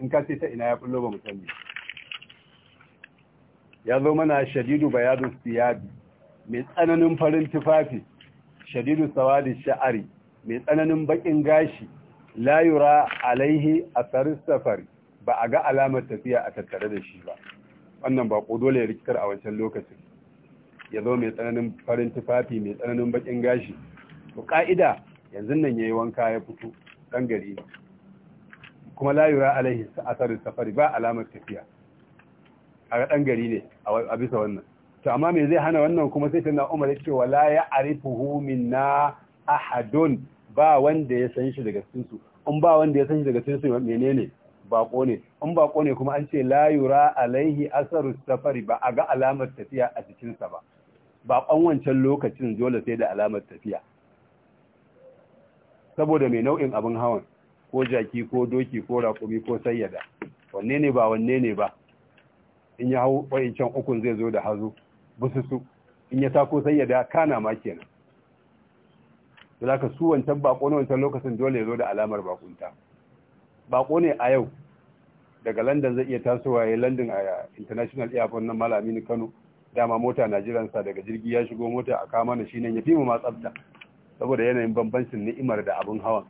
[SPEAKER 1] in ka ce ta ina ya fullo ba mutum ya zo mana shadidu bayadu siyabi mai tsananin farin tufafi shadidu sawadi sha'ari mai tsananin bakin gashi la alaihi asaris safari ba a ga alamar tafiya a tattare da shi ba wannan ba ko dole ya rikitar a wancan lokacin ya zo mai tsananin farin tufafi mai tsananin bakin gashi to ka'ida yanzu nan ya yi wanka ya fito ɗan gari kuma la yura alaihi tsarin safari ba alamar tafiya a ɗan gari ne a bisa wannan to amma mai zai hana wannan kuma sai tana umar cewa la ya arifuhu minna ahadun ba wanda ya san shi daga cikin su in ba wanda ya san shi daga cikin su menene bako ne in bako ne kuma an ce la yura alaihi asaru safari ba a ga alamar tafiya a cikin sa ba bakon wancan lokacin dole sai da alamar tafiya saboda mai nau'in abin hawan ko jaki ko doki ko raƙumi ko sayyada wanne ne ba wanne ne ba in ya hau wa'incan ukun zai zo da hazo su in ya sako sayyada kana ma kenan to zaka su wancan bako ne wancan lokacin dole ya zo da alamar bakunta bako ne a yau daga Landan zai iya tasowa ya london a international airport na malami kano dama mota na jiransa daga jirgi ya shigo mota a kama na shine ya fi mu ma saboda yanayin bambancin ni'imar da abin hawan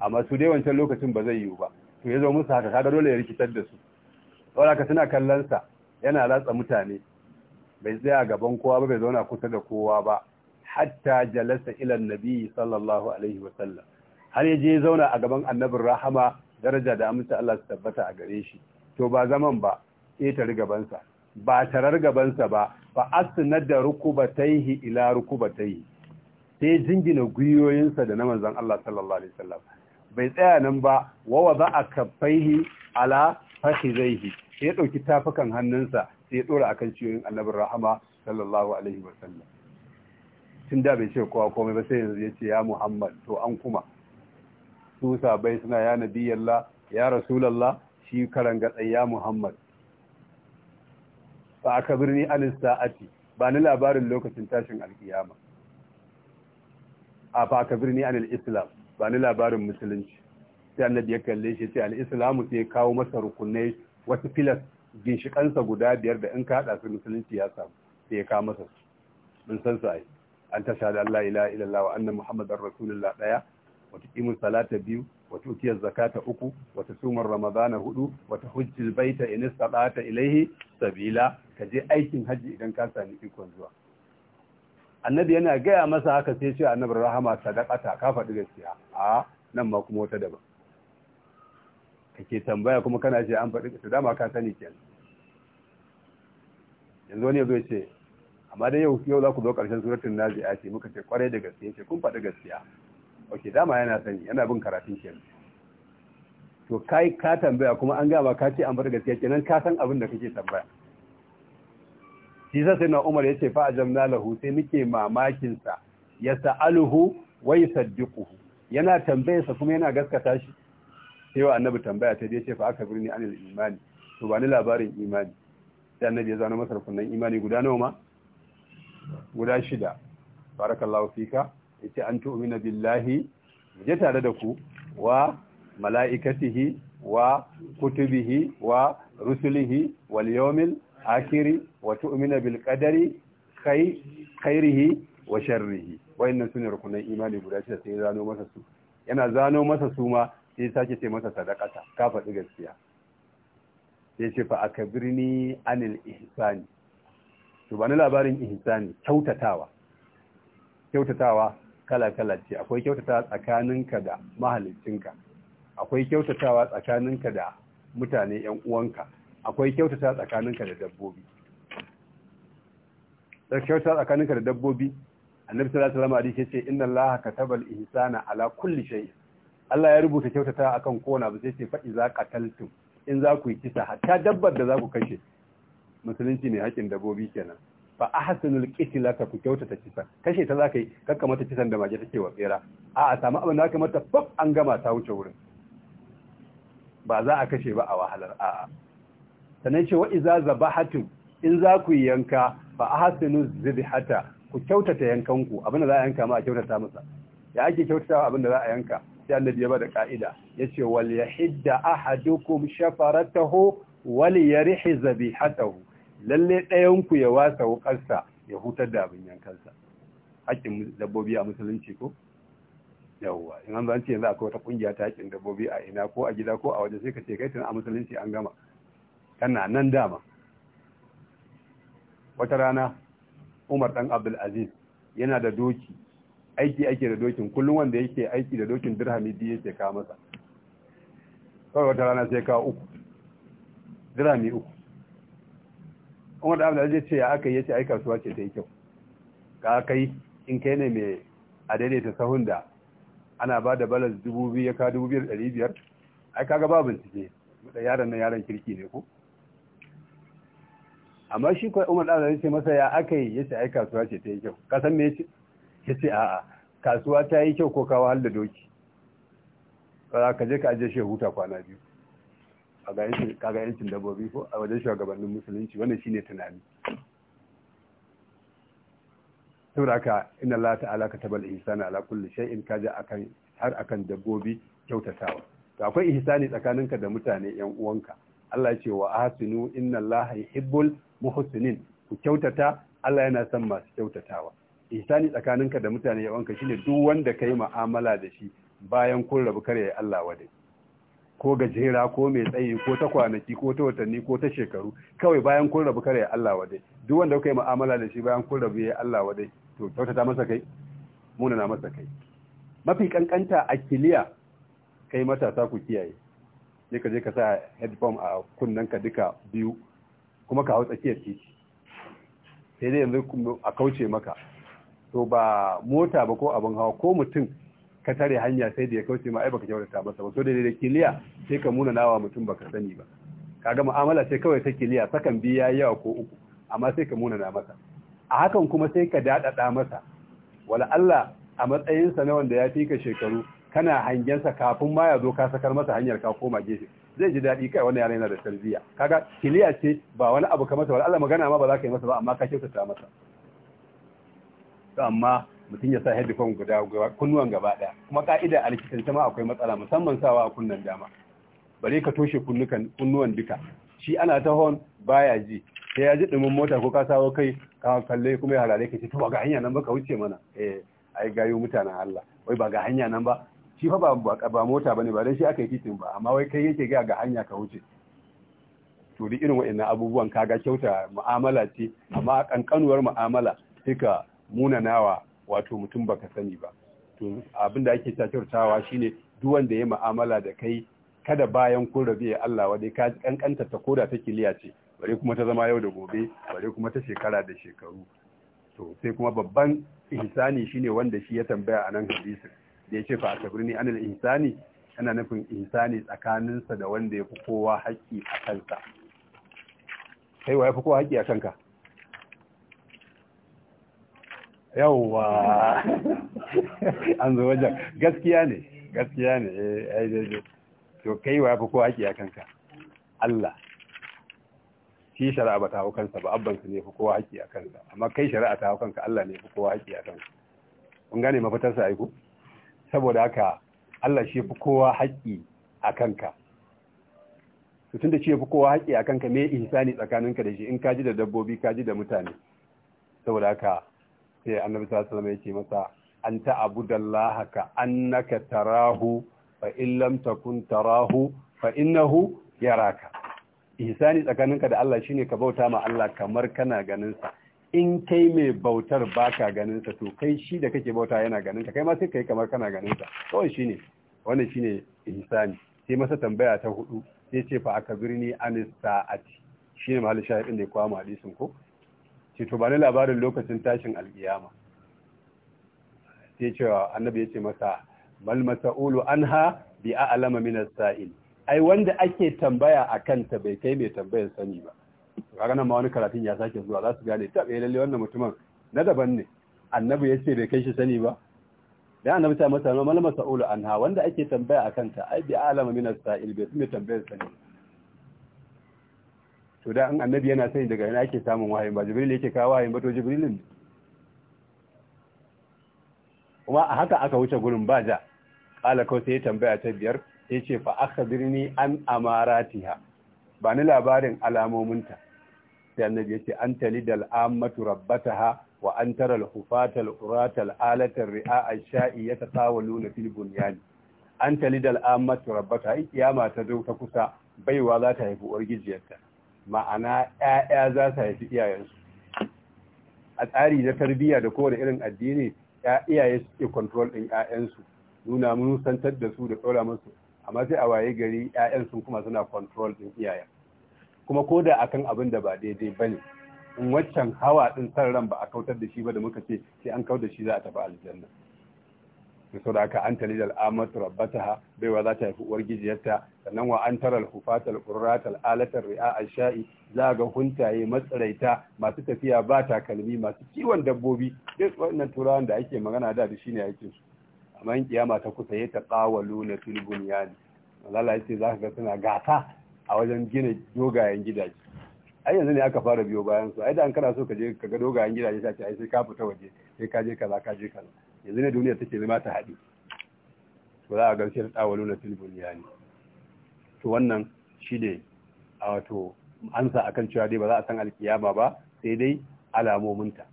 [SPEAKER 1] amma su dai wancan lokacin ba zai yiwu ba to ya zo musu haka kaga dole ya rikitar da su saboda ka suna kallon sa yana latsa mutane bai tsaya gaban kowa ba bai zauna kusa da kowa ba hatta jalasa ila nabi sallallahu alaihi wasallam har ya je zauna a gaban annabin rahama daraja da amince Allah su tabbata a gare shi to ba zaman ba ƙetare gabansa ba tarar gabansa ba fa asnad da rukubataihi ila rukubataihi sai jingina guyoyinsa da na manzon Allah sallallahu alaihi wasallam bai tsaya nan ba wa a kaffaihi ala fakhizaihi sai ya dauki tafukan hannunsa sai ya dora akan ciyoyin annabin rahama sallallahu alaihi wasallam tun da bai ce kowa komai ba sai yanzu ya ce ya muhammad to an kuma su sabai suna ya nabiyallah ya rasulallah shi karan tsaye ya muhammad ba aka birni anin sa'ati ba ni labarin lokacin tashin alkiyama a ba aka birni anil islam ba ni labarin musulunci sai annabi ya kalle shi sai al'islamu islamu sai kawo masa rukunai wasu filas ginshikansa guda biyar da in ka hada su musulunci ya samu sai ya kawo masa su mun san su ai an ta shahada Allah ila ilalla wa anna muhammadar rasulullah daya wa tuqimu salata biyu wa tutiyar zakata uku wa sumar ramadana hudu wa hujjil baita in istata ilaihi sabila ka je aikin haji idan ka sami ikon zuwa annabi yana gaya masa haka sai ce annabi rahama sadaqata ka faɗi gaskiya a nan ma kuma wata daban kake tambaya kuma kana ce an faɗi dama ka sani kenan yanzu wani ya zo ce amma dai yau yau za ku zo ƙarshen suratun nazi'a ce muka ce kwarai da gaskiya ce kun faɗi gaskiya ok dama yana sani yana bin karatun ke to kai ka tambaya kuma an gama ka ce an bar gaskiya kenan ka san abin da kake tambaya shi sai na Umar yace fa ajamna lahu sai muke mamakin sa ya sa'aluhu wa yusaddiquhu yana tambayarsa kuma yana gaskata shi sai wa annabi tambaya ta ce fa aka birni anil imani to ba ni labarin imani sai annabi ya zana masar kunnan imani guda nawa ma guda shida barakallahu fika yace an tu'mina billahi je tare da ku wa mala'ikatihi wa kutubihi wa rusulihi wal yawmil akhir wa tu'mina bil qadari khairihi wa sharrihi wayannan sune rukunan imani guda shida sai zano masa su yana zano masa su ma sai sake ce masa sadaqata ka faɗi gaskiya sai ce fa akabirni anil ihsani to ba ni labarin ihsani kyautatawa kyautatawa kala-kala ce akwai kyautatawa tsakaninka da mahalicinka akwai kyautatawa tsakaninka da mutane yan uwanka akwai kyautatawa tsakaninka da dabbobi kyautatawa tsakaninka da dabbobi annabi sallallahu alaihi wasallam hadisi ce inna allaha kataba al-ihsana ala kulli shay Allah ya rubuta kyautatawa akan kowane abu sai ce fa iza qataltum in za ku yi kisa hatta dabbar da za ku kashe musulunci ne haƙin dabobi kenan fa ahsanul qitla ka ku kyautata kisan kashe ta zakai kakka mata kisan da mage take wa tsira a a samu abin da aka mata faf an gama ta wuce wurin ba za a kashe ba a wahalar a a sannan ce wa iza zabahatu in za ku yanka fa ahsinu zibhata ku kyautata yankan ku abin da za a yanka ma a kyautata masa ya ake kyautata abin da za a yanka sai annabi ya bada ka'ida yace wal yahidda ahadukum shafaratahu wal yarihi zabihatahu lalle ɗayanku ya wasa wukarsa ya hutar da abin yankansa haƙƙin dabbobi a musulunci ko yawwa in an zance yanzu akwai wata ƙungiya ta haƙƙin dabbobi a ina ko a gida ko a waje sai ka ce kai tun a musulunci an gama tana nan dama wata rana umar dan abdul aziz yana da doki aiki ake da dokin kullum wanda yake aiki da dokin dirhami biyu yake kawo masa kawai wata rana sai kawo uku dirhami uku umar da zai ce ya aka yi yace ai kasuwa ce ta yi kyau ka kai in kai ne mai a daidaita sahun da ana ba da balas dubu biyu ya ka dubu biyar ɗari biyar ai kaga ba bincike da yaron nan yaron kirki ne ko amma shi kawai umar da abdulaziz ce masa ya aka yi yace ai kasuwa ce ta yi kyau ka san me ya yace a'a kasuwa ta yi kyau ko kawo hal da doki ka je ka aje shi huta kwana biyu kaga yancin dabbobi ko a wajen shugabannin musulunci wannan shine tunani saboda haka inna Allah ta'ala katabal al-ihsana ala kulli shay'in kaje akan har akan dabbobi kyautatawa to akwai ihsani tsakaninka da mutane yan uwanka Allah ya ce wa ahsinu inna Allah yuhibbul muhsinin ku kyautata Allah yana son masu kyautatawa ihsani tsakaninka da mutane yan uwanka shine duk wanda kai mu'amala da shi bayan kun rabu kare Allah wadai ko gajera ko mai tsayi ko ta kwanaki ko ta watanni ko ta shekaru kawai bayan kun rabu kare Allah wadai duk wanda kuka yi mu'amala da shi bayan kun rabu ya Allah wadai to kyautata masa kai munana masa kai mafi kankanta a kiliya kai matasa ku kiyaye ne ka je ka sa headphone a ka duka biyu kuma ka hau tsakiyar titi sai dai yanzu a kauce maka to ba mota ba ko abin hawa ko mutum ka tare hanya sai da ya kauce ma ai baka kyautata masa ba so da da kiliya sai ka muna nawa mutum baka sani ba kaga mu'amala sai kawai ta kiliya sakan ya yawa ko uku amma sai ka muna na masa a hakan kuma sai ka dadada masa wala Allah a matsayin sa na wanda ya fi ka shekaru kana hangensa kafin ma ya zo ka sakar masa hanyar ka koma gefe zai ji daɗi kai wannan yaran yana da tarbiya kaga kiliya ce ba wani abu ka masa wala Allah magana ma ba za ka yi masa ba amma ka kyautata masa To amma mutum ya sa headphone guda kunnuwan gaba daya kuma ka'ida a likitance ma akwai matsala musamman sawa a kunnan dama bare ka toshe kunnuwan duka shi ana ta hon baya ji sai ya ji ɗumin mota ko ka sawo kai ka kalle kuma ya harare ka ce to ba ga hanya nan ba ka wuce mana eh ai gayo mutanen Allah wai ba ga hanya nan ba shi fa ba ba mota bane ba dan shi aka yi titin ba amma wai kai yake ga ga hanya ka wuce to duk irin waɗannan abubuwan kaga kyauta mu'amala ce amma a kankanuwar mu'amala ka munanawa wato mutum baka sani ba to abin da ake kyakkyawa shine duk wanda ya mu'amala da kai kada bayan kun rabi ya Allah wa dai ka kankanta ta koda ta kiliya ce bare kuma ta zama yau da gobe bare kuma ta shekara da shekaru to sai kuma babban ihsani shine wanda shi ya tambaya a nan hadisi da ya ce fa asabrini anil ihsani ana nufin ihsani tsakaninsa da wanda ya fi kowa haƙƙi a kansa kai wa ya fi kowa haƙƙi a kanka yawwa an zo wajen gaskiya ne gaskiya ne eh ai daidai to kai wa fa ko haƙi akan Allah shi shari'a ba ta hau kansa ba abban su ne fi kowa haƙi a kansa amma kai shari'a ta hau kanka Allah ne fi kowa haƙi a kansa kun gane mafitar sa aiko saboda haka Allah shi fi kowa haƙi a kanka to tunda shi fi kowa haƙi a kanka me ihsani tsakaninka da shi in ka ji da dabbobi ka ji da mutane saboda haka sai annabi sallallahu alaihi yake masa an abudallaha ka annaka tarahu fa in lam takun tarahu fa innahu yaraka ihsani tsakaninka da Allah shine ka bauta ma Allah kamar kana ganin sa in kai mai bautar baka ganin sa to kai shi da kake bauta yana ganin ka kai ma sai kai kamar kana ganin sa to shine wannan shine ihsani sai masa tambaya ta hudu sai ce fa aka birni anis sa'ati shine mahallin shahidin da ya kwamo hadisin ko ce to ba ni labarin lokacin tashin alkiyama sai cewa annabi ya ce masa bal masa'ulu anha bi a'lama min as-sa'il ai wanda ake tambaya akan ta bai kai mai tambayar sani ba kaga nan ma wani karatun ya sake zuwa za su gane ta bai eh, lalle wannan mutumin na daban ne annabi ya ce bai kai shi sani ba dan annabi ta masa mal masa'ulu anha wanda ake tambaya akan ta ai bi a'lama min as-sa'il bai mai tambayar sani ba to da an annabi yana sani daga yana ake samun wahayin ba jibril yake kawo wahayin ba to ne kuma a haka aka wuce gurin ba kala ƙala kawai sai ya tambaya ta biyar sai ce fa aka birni an amaratiha ba ni labarin alamominta sai annabi ya ce an tali da al'ammatu rabbataha wa an tara al-hufata al ri'a ash-sha'i yataqawaluna fil bunyan an tali da al'ammatu rabbataha in ta zo ta kusa baiwa za ta haifi uwar gijiyarta ma'ana ‘ya'ya za su haifi iyayensu a tsari na tarbiyya da kowane irin addini iyaye suke control ɗin ‘ya'yansu nuna musantar da su da tsora musu amma sai a waye gari ‘ya'yan sun kuma suna control ɗin iyayen kuma ko da akan abin da ba daidai ba ne in waccan hawa ɗin san ran ba a kautar da shi ba da muka ce sai an kautar da shi za a tafi aljanna saboda haka an da al'amatu rabbataha baiwa za ta haifi uwar gijiyarta sannan wa an taral hufatal qurratal alatar ri'a ashai za ga huntaye matsaraita masu tafiya ba takalmi masu kiwon dabbobi duk wannan turawan da ake magana da da shine aikinsu. su amma in kiyama ta kusa ya taqawalu na fil bunyan Allah ce za ka ga suna gasa a wajen gina dogayen gidaje ai yanzu ne aka fara biyo bayan su ai da an kana so ka je ka ga dogayen gidaje ta ce ai sai ka fita waje sai ka je kaza ka je kaza yanzu ne duniya take zama ta haɗi to za a gamshe da tsawalu na filibin ne. to wannan shi ne a wato ansa akan cewa dai ba za a san alkiyama ba sai dai alamominta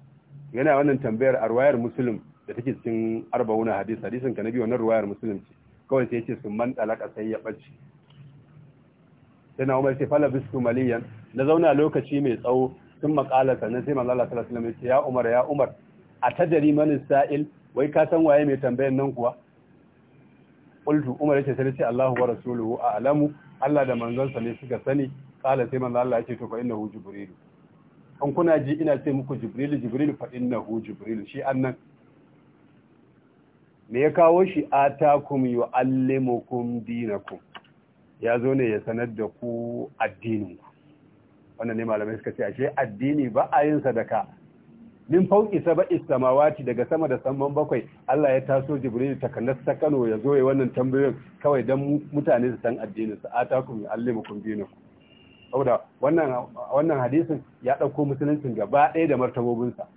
[SPEAKER 1] yana wannan tambayar a ruwayar musulun da take cikin arba'una hadis hadisin ka nabi wannan ruwayar musulun ce kawai sai ce sun man talaka sai ya ɓace sai na umar sai fala bisu maliyan na zauna lokaci mai tsawo sun makalata sannan sai manzala sallallahu alaihi wasallam ya umar ya umar a tajari man sa'il wai ka san waye mai tambayan nan kuwa qultu umar yace sai ce Allahu wa rasuluhu a'lamu Allah da sa ne suka sani kala sai manzo Allah yace to fa innahu jibril an kuna ji ina ce muku jibril jibril fa innahu jibril shi annan me ya kawo shi atakum yuallimukum dinakum ya zo ne ya sanar da ku addininku wannan ne malamai suka ce ashe addini ba a yin sadaka min fauki sab'i samawati daga sama da samman bakwai Allah ya taso Jibril takannas ta Kano ya zo ya wannan tambayoyin kawai dan mutane su san addinin su atakum yu'allimukum dinakum saboda wannan wannan hadisin ya dauko musuluncin gaba ɗaya da martabobin sa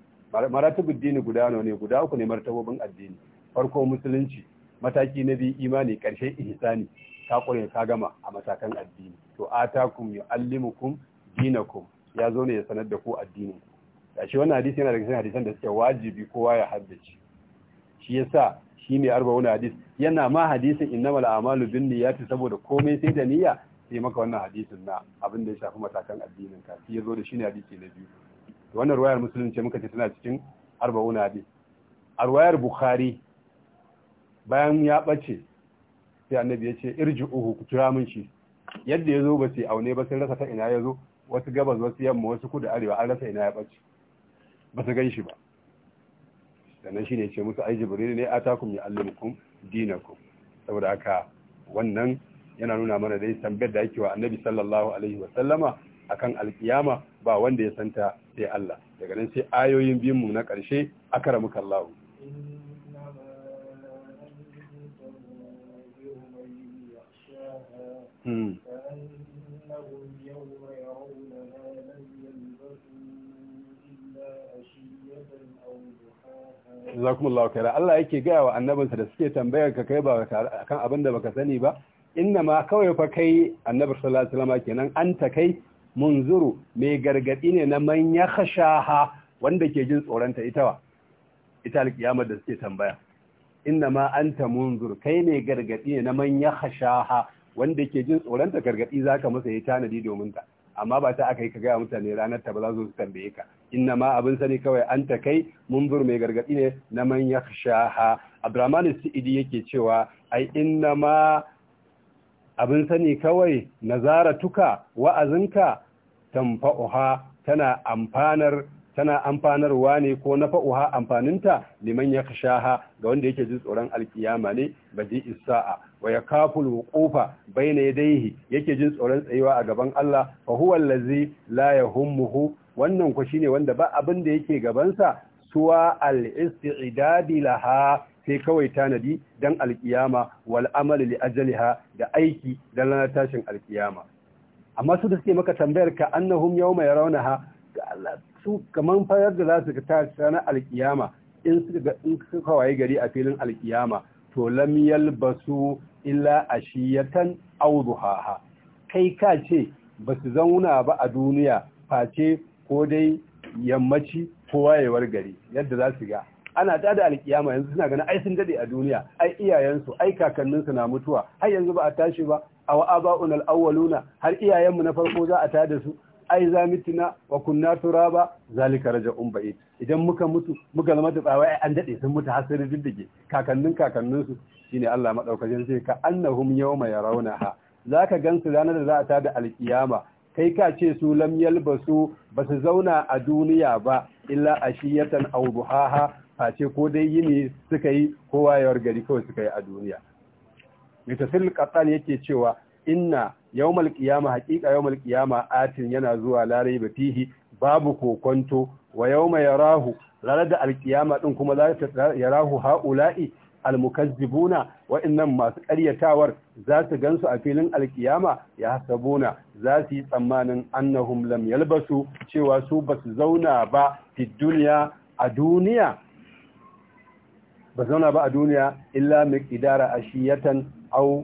[SPEAKER 1] maratibud dini guda nawa ne guda uku ne martabobin addini farko musulunci mataki na biyu imani karshe ihsani ka kure ka gama a matakan addini to atakum yu'allimukum dinakum ya zo ne ya sanar da ku addinin ku a shi wannan hadisi yana daga cikin hadisan da suke wajibi kowa ya haddace shi yasa shi ne arba wani hadis yana ma hadisin innamal a'malu bin niyyati saboda komai sai da niyya sai maka wannan hadisin na abin da ya shafi matakan addinin ka shi yazo da shi ne hadisi na biyu wannan ruwayar musulunci muka ce tana cikin arba wani hadis a ruwayar bukhari bayan ya bace sai annabi ya ce irji'uhu ku kira min shi yadda ya zo ba sai aune ba sai rasa ta ina ya zo wasu gabas wasu yamma wasu kudu arewa an rasa ina ya bace ba su gan shi ba sannan shi ne ce musu ai jibril ne atakum ya allimkum dinakum saboda haka wannan yana nuna mana dai tambayar da ake wa annabi sallallahu alaihi wa sallama akan alkiyama ba wanda ya santa sai Allah daga nan sai ayoyin biyun mu na ƙarshe a Allah Hmm. jazakumullahu khaira Allah yake gaya wa annabinsa da suke tambayar ka kai ba kan abin da baka sani ba inna ma kawai fa kai annabi sallallahu alaihi wasallam kenan ta kai munzuru mai gargadi ne na man yakhshaha wanda ke jin tsoronta ita wa ita alkiyamar da suke tambaya inna ma anta munzur kai ne gargadi ne na man yakhshaha wanda ke jin tsoron ta gargadi zaka masa yi tanadi domin ta amma ba ta aka yi ka gaya mutane ranar ta ba za su tambaye ka inna ma abin sani kawai an ta kai mun munzur mai gargadi ne na man shaha abdurrahman sa'idi yake cewa ai inna ma abin sani kawai nazaratuka wa'azinka tanfa'uha tana amfanar tana amfanarwa ne ko na fa'uha amfaninta liman ya kashaha ga wanda yake jin tsoron alkiyama ne ji isa'a wa ya kaful wuqufa bayna yadayhi yake jin tsoron tsayuwa a gaban Allah fa huwa allazi la yahummuhu wannan ku shine wanda ba abin da yake gabansa suwa al-istidadi laha sai kawai tanadi dan alkiyama wal amal li ajliha da aiki dan ranar tashin alkiyama amma su da suke maka tambayar ka annahum yawma yarawnaha ga Allah su kamar farar da za su ta sana alkiyama in suka ga in waye gari a filin alkiyama to lam yalbasu illa ashiyatan aw duhaha kai ka ce ba su zauna ba a duniya face ko dai yammaci ko wayewar gari yadda za su ga ana ta da alkiyama yanzu suna ganin ai sun dade a duniya ai iyayensu ai kakanninsu na mutuwa har yanzu ba a tashi ba aw aba'un al-awwaluna har iyayenmu na farko za a tada su ai za mitina wa kunna turaba zalika raja'un ba'id idan muka mutu muka zama tsawa ai an dade sun mutu har sai diddige kakannin kakannin su shine Allah madaukakin sai ka annahum yawma yarawnaha zaka gansu ranar da za a tada alkiyama kai ka ce su lam yalbasu su zauna a duniya ba illa ashiyatan aw duhaha face ko dai yini suka yi ko wayewar gari kawai suka yi a duniya mitasil qatan yake cewa inna yawmal qiyama haqiqa yawmal qiyama atin yana zuwa larai ba babu kokonto wa yawma yarahu ranar da alkiyama din kuma za ta yarahu haula'i almukazzibuna wa'annan masu ƙaryatawar za su gansu a filin alkiyama ya hasabuna za su yi tsammanin annahum lam yalbasu cewa su basu zauna ba fi duniya a duniya ba zauna ba a duniya illa miqdara ashiyatan aw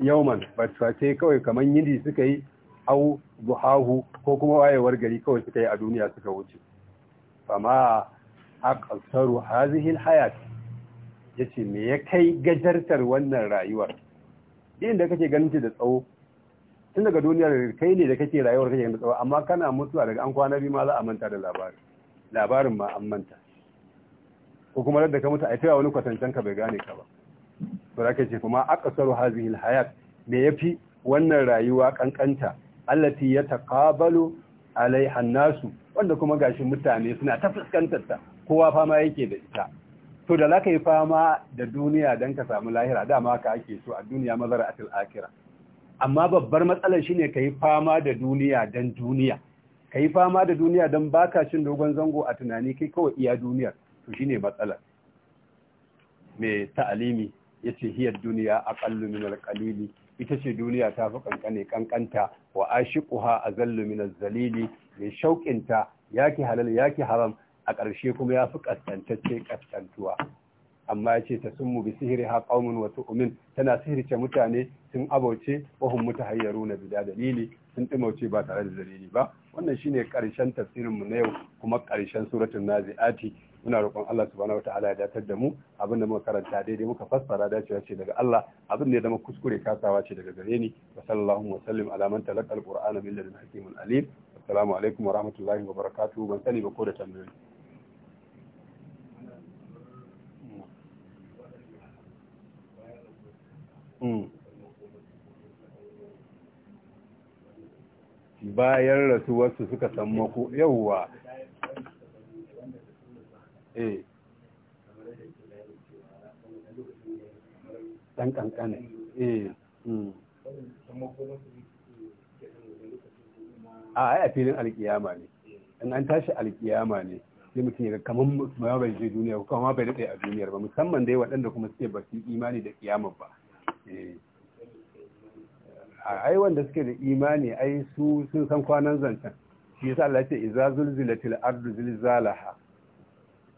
[SPEAKER 1] yawman ba face kawai kamar yindi suka yi au buhahu ko kuma wayewar gari kawai suka yi a duniya suka wuce fama aqsaru hazihi alhayat yace me ya kai gajartar wannan rayuwar din da kake ganin da tsawo tun daga duniyar kai ne da kake rayuwar kake ganin da tsawo amma kana mutuwa daga an kwana ma za a manta da labarin labarin ma an manta ko kuma da ka mutu a taya wani kwatancan ka bai gane ka ba saboda ce kuma aqsaru hadhihi alhayat me yafi wannan rayuwa kankanta allati taqabalu alaiha nasu wanda kuma gashi mutane suna ta fuskantar ta kowa fama yake da ita to da zaka yi fama da duniya dan ka samu lahira dama ka ake so a duniya mazaratul akira amma babbar matsalar shine ka yi fama da duniya dan duniya ka yi fama da duniya dan baka cin dogon zango a tunani kai kawai iya duniyar to shine matsalar mai ta'alimi yace hiyar duniya aqallu min alqalili ita ce duniya ta fi kankane kankanta wa ashiquha azallu min zalili mai shauƙinta yaki halal yaki haram a ƙarshe kuma ya fi kaskantacce kastantuwa amma yace ta sun mu bi sihiri ha qaumun wa tu'min tana sihirce mutane sun abauce wa hum mutahayyaruna bi dalili sun dimauce ba tare da dalili ba wannan shine ƙarshen tafsirin mu na yau kuma ƙarshen suratul naziati muna roƙon Allah subhanahu wataala ya datar da mu abin da muka karanta daidai muka fassara dacewa ce daga Allah abin da ya zama kuskure kasawa ce daga gare ni wa sallallahu wa sallim ala man talaqa alqur'ana min ladin hakimin alim assalamu alaikum wa rahmatullahi wa barakatuh ban sani ba ko da tambayoyi hmm. bayan rasuwarsu suka san mako yauwa eh dan kankana eh hmm. a ai a filin alkiyama ne in an tashi alkiyama ne sai mutum ya kaman ma bai je duniya ko kuma bai daɗe a duniyar ba musamman dai waɗanda kuma suke ba su imani da kiyama ba a eh. ai wanda suke da imani ai su sun san kwanan zancen shi yasa Allah ya ce idza zulzilatil ardu zilzalaha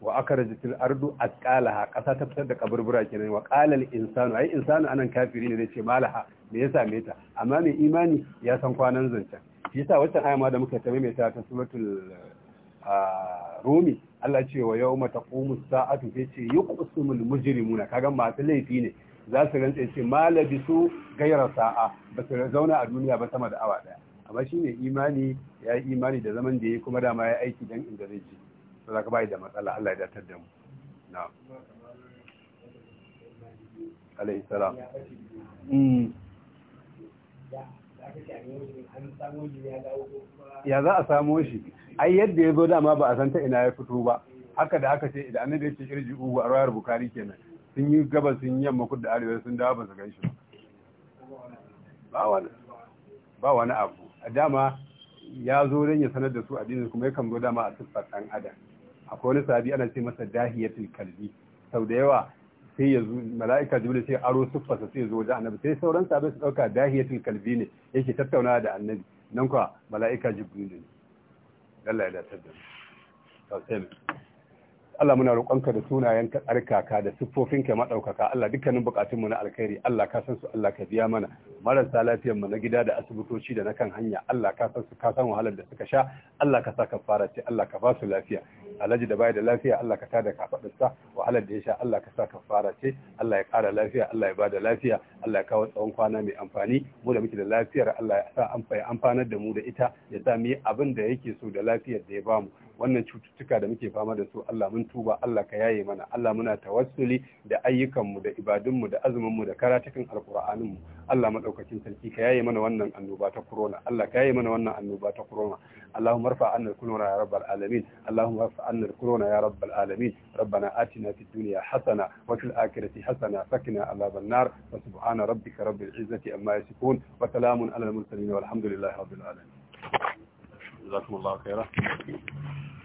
[SPEAKER 1] wa akhrajatil ardu asqalaha ƙasa ta fitar da kaburbura kenan wa qala insanu ai insanu anan kafiri ne zai ce malaha me ya same ta amma mai imani ya san kwanan zancen shi yasa wata aya ma da muka ta maimaita ta suratul rumi Allah ce wa yawma taqumu sa'atu sai ce yuqsimul mujrimuna kaga masu laifi ne za su rantsa ce malabisu gairar sa'a ba su zauna a duniya ba sama da awa daya amma shine imani ya yi imani da zaman da ya kuma dama ya aiki dan inda zai ji za ka bai da matsala Allah ya datar da mu na. alayhi salam hmm. ya za a samo shi ai yadda ya zo dama ba a san ta ina ya fito ba haka da haka ce idan annabi ya ce irji ugu a rawar bukari kenan sun yi gaba sun yi yamma kudu arewa sun dawo ba su gan shi ba ba wani abu a dama ya zo don ya sanar da su addinin kuma ya zo dama a tuffar ɗan adam akwai wani sahabi ana ce masa dahiyatul kalbi sau da yawa sai ya zo mala'ika jibril sai aro siffarsa sai ya zo wajen annabi sai sauran sahabbai su dauka dahiyatul kalbi ne yake tattaunawa da annabi nan kuwa mala'ika jibril ne Allah ya dace da mu Allah muna roƙonka da sunayen tsarkaka da siffofin kai maɗaukaka Allah dukkanin buƙatunmu na alkhairi Allah ka san su Allah ka biya mana marasa lafiyar mu na gida da asibitoci da na kan hanya Allah ka san su ka san wahalar da suka sha Allah ka sa kafara ce Allah ka ba su lafiya alhaji da bai da lafiya Allah ka tada sa wahalar da ya sha Allah ka sa kafara ce Allah ya ƙara lafiya Allah ya bada lafiya Allah ya kawo tsawon kwana mai amfani mu da muke da lafiyar Allah ya sa amfanar da mu da ita ya sa mu yi abin da yake so da lafiyar da ya bamu wannan cututtuka da muke fama da su Allah mun mun tuba Allah ka yaye mana Allah muna tawassuli da ayyukanmu da ibadunmu da azuminmu da karatukan alkur'aninmu Allah madaukakin sarki ka yaye mana wannan annoba ta corona Allah ka yaye mana wannan annoba ta corona اللهم ارفع عنا الكورونا يا رب العالمين اللهم ارفع عنا الكورونا يا رب العالمين ربنا آتنا في الدنيا حسنة وفي الآخرة حسنة فكنا عذاب النار وسبحان ربك رب العزة أما يصفون وسلام على المرسلين والحمد لله رب العالمين جزاكم الله خيرا